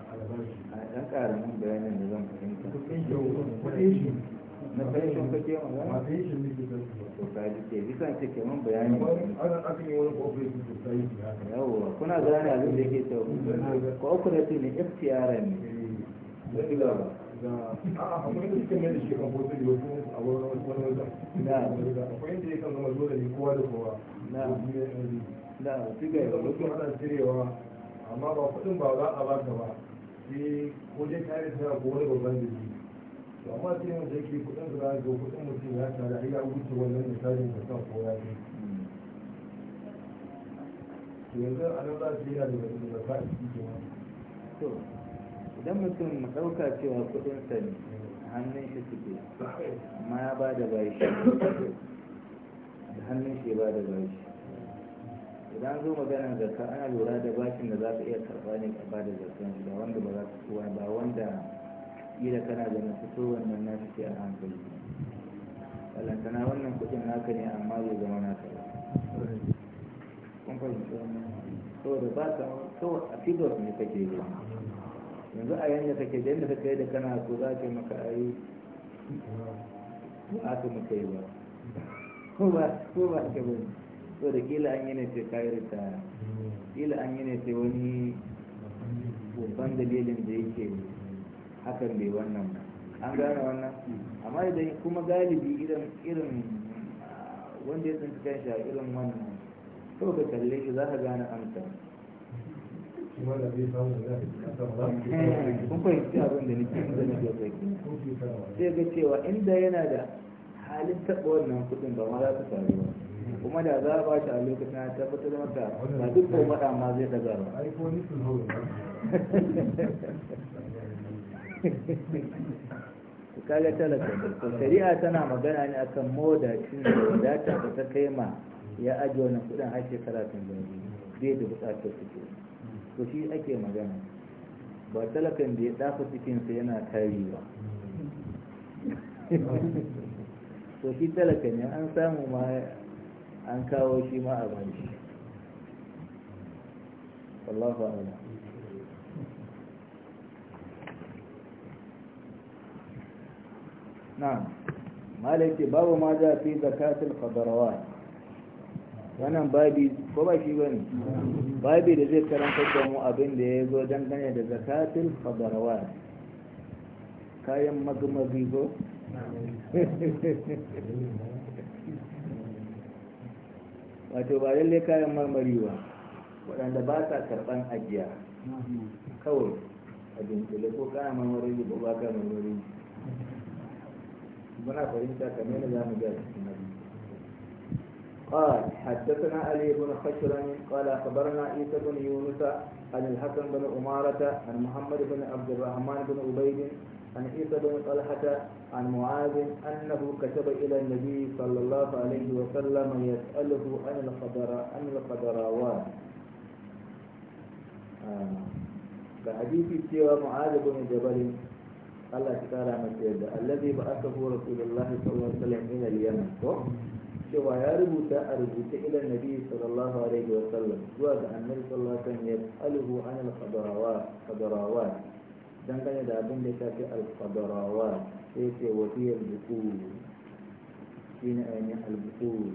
Speaker 2: a
Speaker 1: albashi a ɗan mun bayanin da zan fahimta kuɗin shi na fahimtar kake magana ba
Speaker 2: ne ke zai society
Speaker 1: ke bisa ce ke mun bayani
Speaker 2: yawwa kuna gane abin da
Speaker 1: yake cewa cooperative ne ftr ne da
Speaker 2: siga ya wasu ana cirewa amma ba kudin ba za a baka ba sai ko dai kare ta ko wani babban jiki to amma sai mun da ke kudin da ga kudin mutum ya tare da ya wuce wannan misalin da kan ko ya to yanzu a nan za su yi da
Speaker 1: da ka ke to idan mutum ɗauka cewa kudin ne hannun shi suke amma ya ba da bashi da hannun shi ba da bashi idan zo maganar zaka, ana lura da bashin da za ka iya karɓa ne ka ba da zakan, shi da wanda ba za ka kowa ba wanda kila kana ganin fito wannan na shi a hankali balantana wannan kudin naka ne amma zai zama naka ba kun fahimci wannan saboda ba ka kawai a figure ne kake yi yanzu a yanda kake da yanda kake da kana ko za ka maka ayi ba ta maka yi ba ko ba ta ba ka bane da kila an yi ne sai kayar ta kila an yi ne sai wani babban dalilin da yake hakan bai wannan ba an gane wannan amma idan kuma galibi irin irin wanda ya tsinci kanshi a irin wannan to ka kalle shi za ka gane amsa
Speaker 2: kun abin da nake
Speaker 1: yin da cewa inda yana da halin wannan kuɗin ba ma za kuma da za a ba shi a lokacin ya tabbatar ba duk ko ma zai ɗaga ba kaga tana magana ne akan modacin da wadata da ta kai ma ya ajiye wannan kuɗin har shekara tun bai da buƙatar su to shi ake magana ba talakan da ya dafa cikinsa yana kari ba to shi talaka ne an samu ma an kawo shi ma a banshi wallahu a'lam na'am malaki babu ma za fi zakatul khadarawat wannan babi ko ba shi bane babi da zai karanta da mu abin da ya zo dangane da zakatul fadarawat kayan magmagi ko wato ba lalle kayan marmari ba waɗanda ba sa karɓan ajiya kawai a dunkule ko kayan marmari ba ba kayan marmari muna fahimta kamar da za mu ga cikin abin قال حدثنا علي بن خشرم قال اخبرنا عيسى بن يونس عن الحسن بن عمارة عن محمد بن عبد الرحمن بن عبيد عن عيسى بن طلحة عن معاذ أنه كتب إلى النبي صلى الله عليه وسلم يسأله عن القدر عن القدراوات. فحديث آه. معاذ بن جبل الله تعالى مسجد الذي بعثه رسول الله صلى الله عليه وسلم إلى اليمن cewa ya rubuta a rubuta ila nabi sallallahu alaihi wa sallam zuwa ga annabi sallallahu alaihi wa sallam ya alhu an al-qadarawat dangane da abin da ya fi al-qadarawat sai ce wasiyar bukuru shi ne ainihin al-bukuru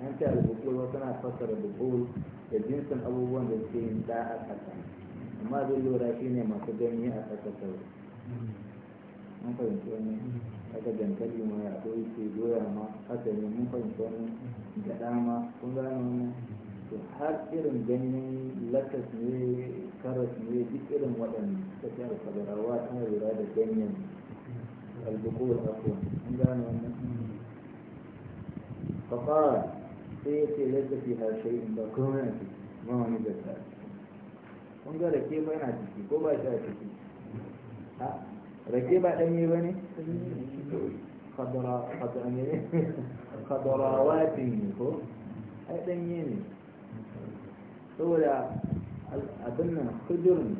Speaker 1: an ce al-bukuru wasu na fassara bukuru da jinsin abubuwan da suke yin da a ƙasa amma zai lura shine masu ganye a ƙasa kawai an fahimci wani haka dankali ma ya ko yake doya ma haka ne mun fahimta wani gada ma kun gane wannan to har irin ganyen lakas ne karas ne duk irin waɗanda suka fi alfadarawa tana lura da ganyen da afuwa kun gane wannan فقال in ba kuma شيء ciki ما wani نجد kun ga rake ba yana ciki ko ba shi a ciki rake ba ɗanye ba ne kadarawatin ne ko ai ɗanye ne saboda abin nan hujjur ne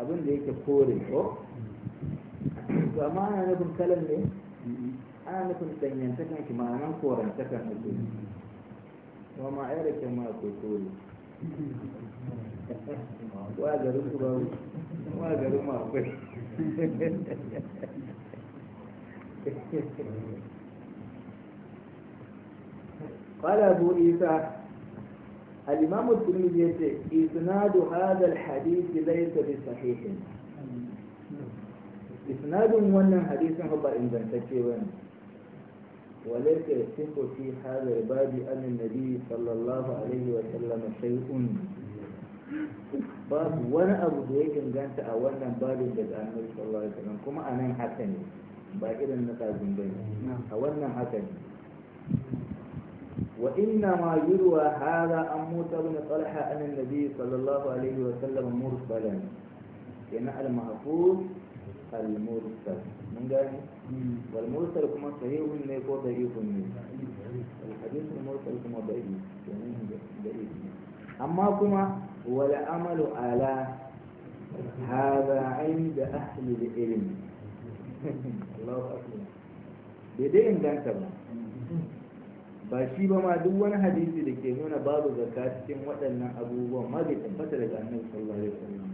Speaker 1: abin da yake kore ko to amma ana nufin kalan ne ana nufin ɗanyantakan shi ma'anan korantakan ake wa ma'ayyar kyan ma akwai kore قال أبو عيسى الإمام الترمذي إسناد هذا الحديث ليس بصحيح إسناد من حديث هو عند بنتكيوان وليس يثق في هذا الباب أن النبي صلى الله عليه وسلم شيء babu wani abu da ya ganganta a wannan babin da annabi sallallahu alaihi wasallam kuma a nan haka ne ba irin na tsazin bane a wannan haka ne wa inna ma yurwa hada an mutar min salaha an annabi sallallahu alaihi wasallam mursalan kana al mahfuz al mursal mun gani wal kuma kuma sahihun ne ko dhaifun ne al hadith al mursal kuma dhaif ne dhaif amma kuma والعمل على هذا عند أهل العلم الله أكبر بدأ إن كان ba shi ba ma duk wani hadisi da ke nuna babu zakka cikin waɗannan abubuwan ma bai tabbata daga annabi sallallahu alaihi wasallam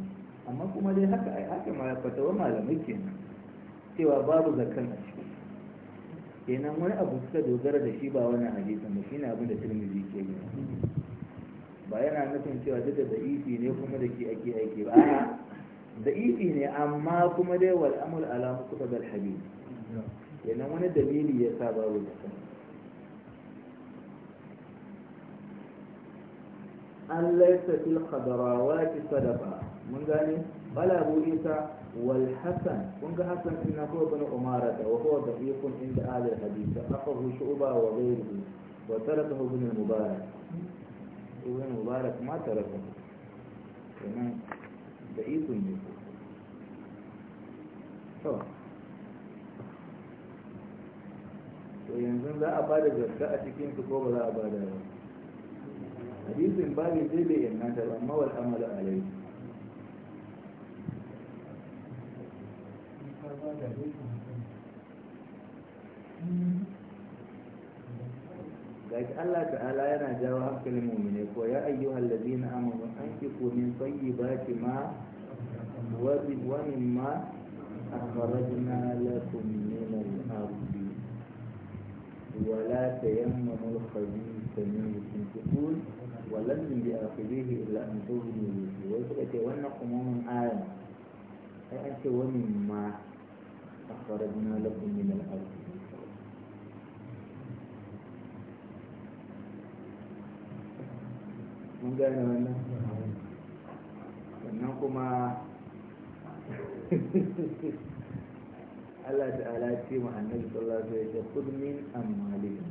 Speaker 1: amma kuma dai haka ai haka ma wa malamai kenan cewa babu zakkan a cikin. kenan wani abu suka dogara da shi ba wannan hadisin ba shine abin da Tirmidhi ke yi ba yana nufin cewa duk da da'ifi ne kuma da ke ake aiki ba a'a da'ifi ne amma kuma dai wal amul ala mukuta bal habib yana wani dalili ya sa babu mutum an laisa fil qadarawati sadaqa mun gane bala abu isa wal hasan kun ga hasan ina na ko bin umara da wa huwa dafiqun inda ahli hadith aqahu shu'ba wa gairu wa tarakahu ibn mubarak ibn mubarak ma tarafa kenan da ikon ne to to yanzu za a bada zakka a cikin su ko ba za a bada ba hadisin babu zai bai inganta ba amma wal amalu alai Mm-hmm. لكن الله تعالى أنا جواب كلمة من يا أيها الذين آمنوا أنفقوا من طيبات ما وزد ومما أخرجنا لكم من الأرض ولا تيمموا الخبيث منه تنفقون ولن بآخره إلا أن تظلموا به ويقول وأن قموم آية أي أنت ومما أخرجنا لكم من الأرض mun gane wannan sannan kuma Allah ta alaci ma annabi sallallahu alaihi wasallam kud min amwalihim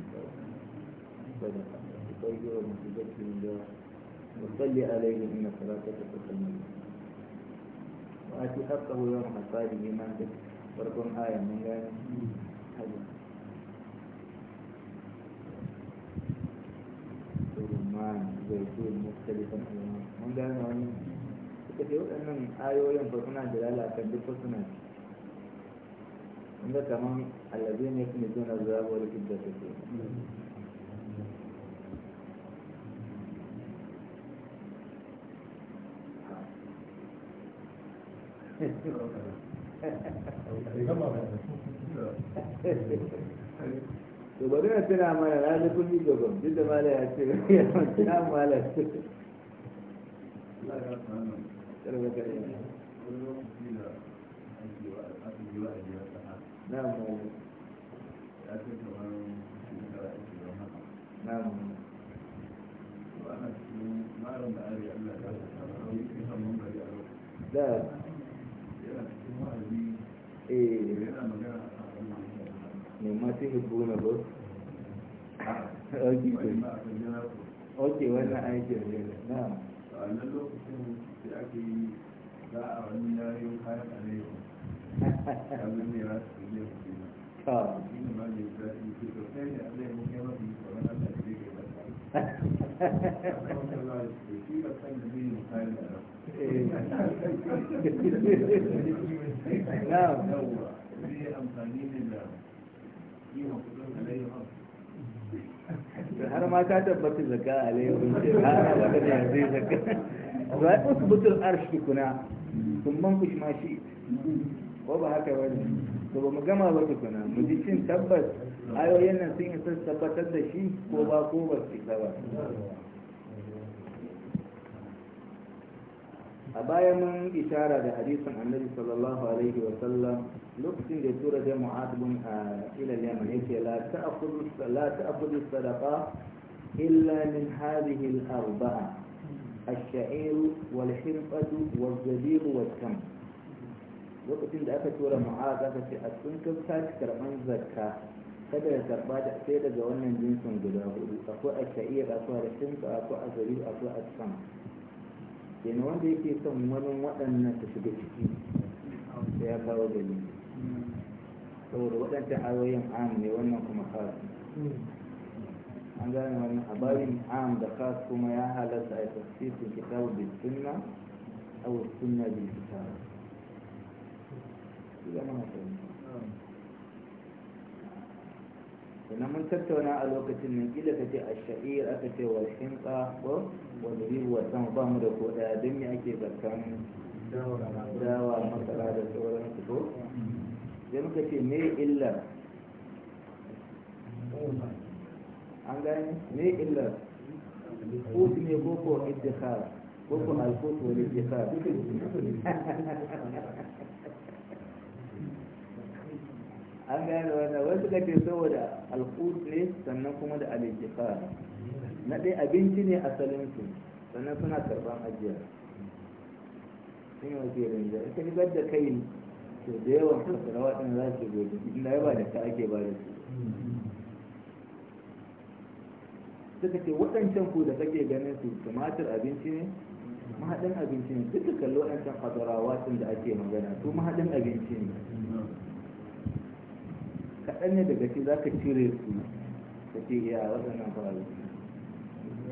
Speaker 1: sadaqa tuqayyiru wa tuzakkihim bi wa salli alaihim inna ta tusallu wa ati haqqahu yawma hasadihi man farkon ayan mun gane zaitun mustalifan alamu mun gane wani suka ce waɗannan ayoyin ba suna da lalata duk suna ci mun ga kaman allazi ne kuma zuwa zuwa wani fidda su ke Thank you. to bari na tuna mana na da kulli gaba duk da mala ya ce ya tuna mala ce Na'am. Na'am. da
Speaker 2: eh
Speaker 1: mimma tuhibbuna ba oke oke wannan aikin ne na
Speaker 2: a nan lokacin da ake yi za a wani yayin kayan alaikun abin ne ya su ne su ne ta shi ne ma ne ta yi ce to sai ne alai mun kai mafi tsoron allah da zai ba ta ba na amfani ne da har ma
Speaker 1: ka tabbata zaka alayhi har ma ka ne zai zaka wa usbutul arsh kuna kun man kush ma shi ko ba haka ba ne to ba mu gama ba kuna mu ji cin tabbas ayoyin nan sun yi tabbatar da shi ko ba ko ba su ba a baya mun ishara da hadisin annabi sallallahu alaihi wa sallam lokacin da ya tura da mu'ad a ila yaman yake la ta'khudhu la ta'khudhu sadaqa illa min hadhihi al-arba'a الشعير والحرقة والزبيب والتمر lokacin da aka tura mu'az aka ce a sun kafta karban zakka kada ya karba da sai daga wannan jinsin guda hudu akwai a sha'ir akwai a shimka akwai a zabi akwai a sama kenan wanda yake son wani waɗannan ta shiga ciki da ya kawo gani, saboda waɗanta ayoyin am ne wannan kuma khas an gane wani abarin am da khas kuma ya halatta a tafsirin kitabu bil sunna aw sunna da kitab sannan mun tattauna a lokacin nan kila ka ce a sha'ir aka ce wa hinsa ko Wani biyu wasan ba mu da ko don me ake zakan dawa masara da sauran su ko sai muka ce me illar an gani me illar kut ne ko ko iddikhar ko ko alkut wal iddikhar an gane wannan wasu kake saboda alkut ne sannan kuma da al na ɗaya abinci ne asalinsu sannan suna karɓar ajiya sun yi wasu yaran jari ka shigar da kai to da yawan kasarawa waɗin za su gobe inda ya ba da ta ake ba da su suka ce waɗancan ku da kake ganin su tumatir abinci ne mahaɗin abinci ne duka kalli waɗancan kasarawa ɗin da ake magana su mahaɗin abinci ne kaɗan ne daga ci za ka cire su ka ce iya waɗannan fara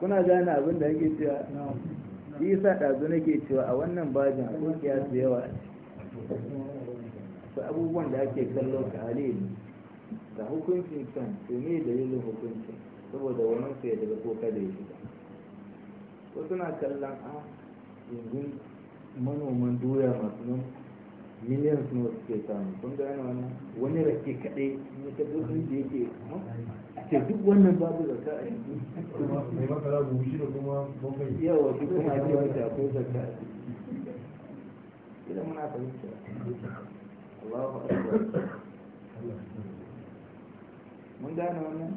Speaker 1: kuna gane abin da yake cewa isa ɗazu nake cewa a wannan bajin akwai su yawa su abubuwan da ake kallo ka halilu da hukuncin can to me dalilin hukuncin saboda wani su ya daga ko kada ya shiga wasu na kallon a ah, yanzu manoman doya masu nan miliyan suna suke samu kun ga yana wannan wani rake kaɗai ne ta dukkan da yake ah, ke duk wannan babu a
Speaker 2: yanzu mai maka za ku da kuma bambai
Speaker 3: yawa
Speaker 1: mun gane wannan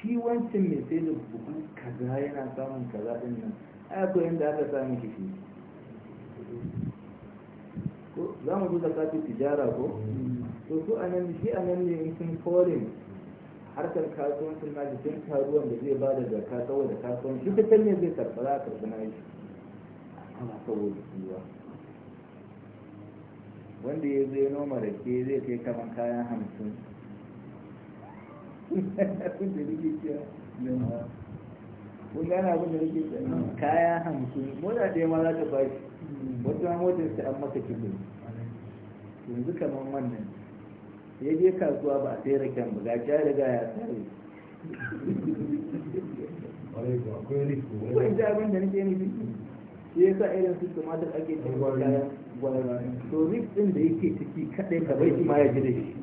Speaker 1: shi wancan mai sai da buhu kaza yana samun kaza din nan ai akwai yadda aka sami kifi? ko za mu zo zakatun tijara ko to su anan shi anan ne in sun forin harkar kasuwancin na jikin taruwan da zai ba da jaka saboda kasuwanci shi fitar ne zai karɓa za a karɓi na shi amma saboda kiwa wanda ya zai noma rake zai kai kaman kayan hamsin kun gana abin da nake tsaye kaya hamsin mota ɗaya ma za ta ba wata motar ta an maka kilo yanzu kamar wannan ya je kasuwa ba a sai raken ba gashi ya riga ya tsare kun ji abin da nake nufi shi sa irin su tumatir ake cikin kayan to rik din da yake ciki kadai ka bai ma ya ji shi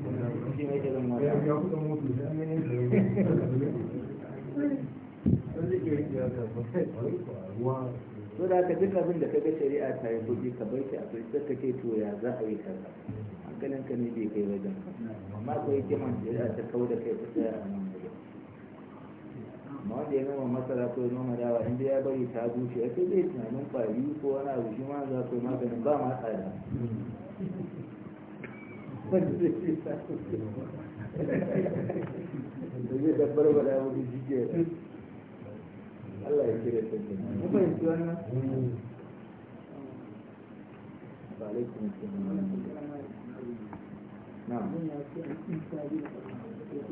Speaker 1: so da ka duk abin da ka ga shari'a ta yi buɗi ka bai shi a kai sai ka ke to ya za a yi kaza hankalinka ne bai kai wajen amma ko yake man shari'a ta kawo da kai kusa tsaya a amma wanda ya noma masara ko ya noma dawa in dai ya bari ta bushe ya ce zai tunanin kwari ko wani abu shi ma za maganin ba ma tsada da zai dabbar mu fahimci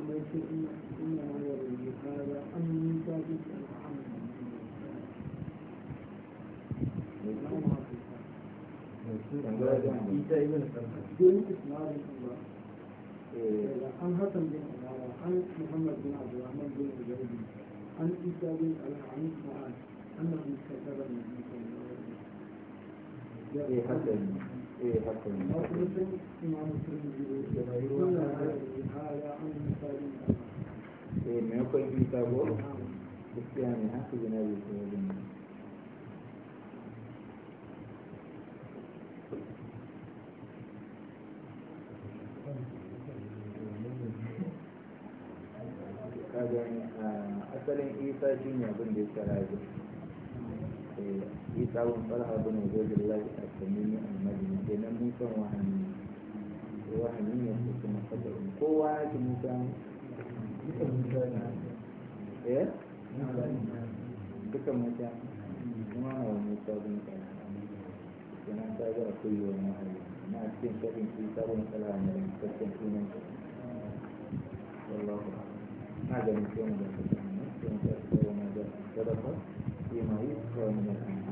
Speaker 2: wannan عن حسن بن عمارة عن محمد بن عبد الرحمن بن الجوزي عن عيسى بن عن معاذ أنه كتب النبي صلى الله عليه وسلم. إيه حسن إيه حسن. أو مسلم إمام الترمذي ولا هذا عن عيسى بن
Speaker 1: eh maimakon in sabo gaskiya ne haka gina bai ta wajen kagan asalin isa shi ne abin da ya tara ya isa wani farha bin wajen lafi a kamini almadini kenan musan wahani wahani ne su kuma kowa ya ji musan eh duka mata kuma na wani sabon kana kuma ta ga akwai wani hali na cikin shafin shi sabon kala ne da cikin sunan shi wallahu na ga mutum da kuma ne da kuma da sadaka sai mai ko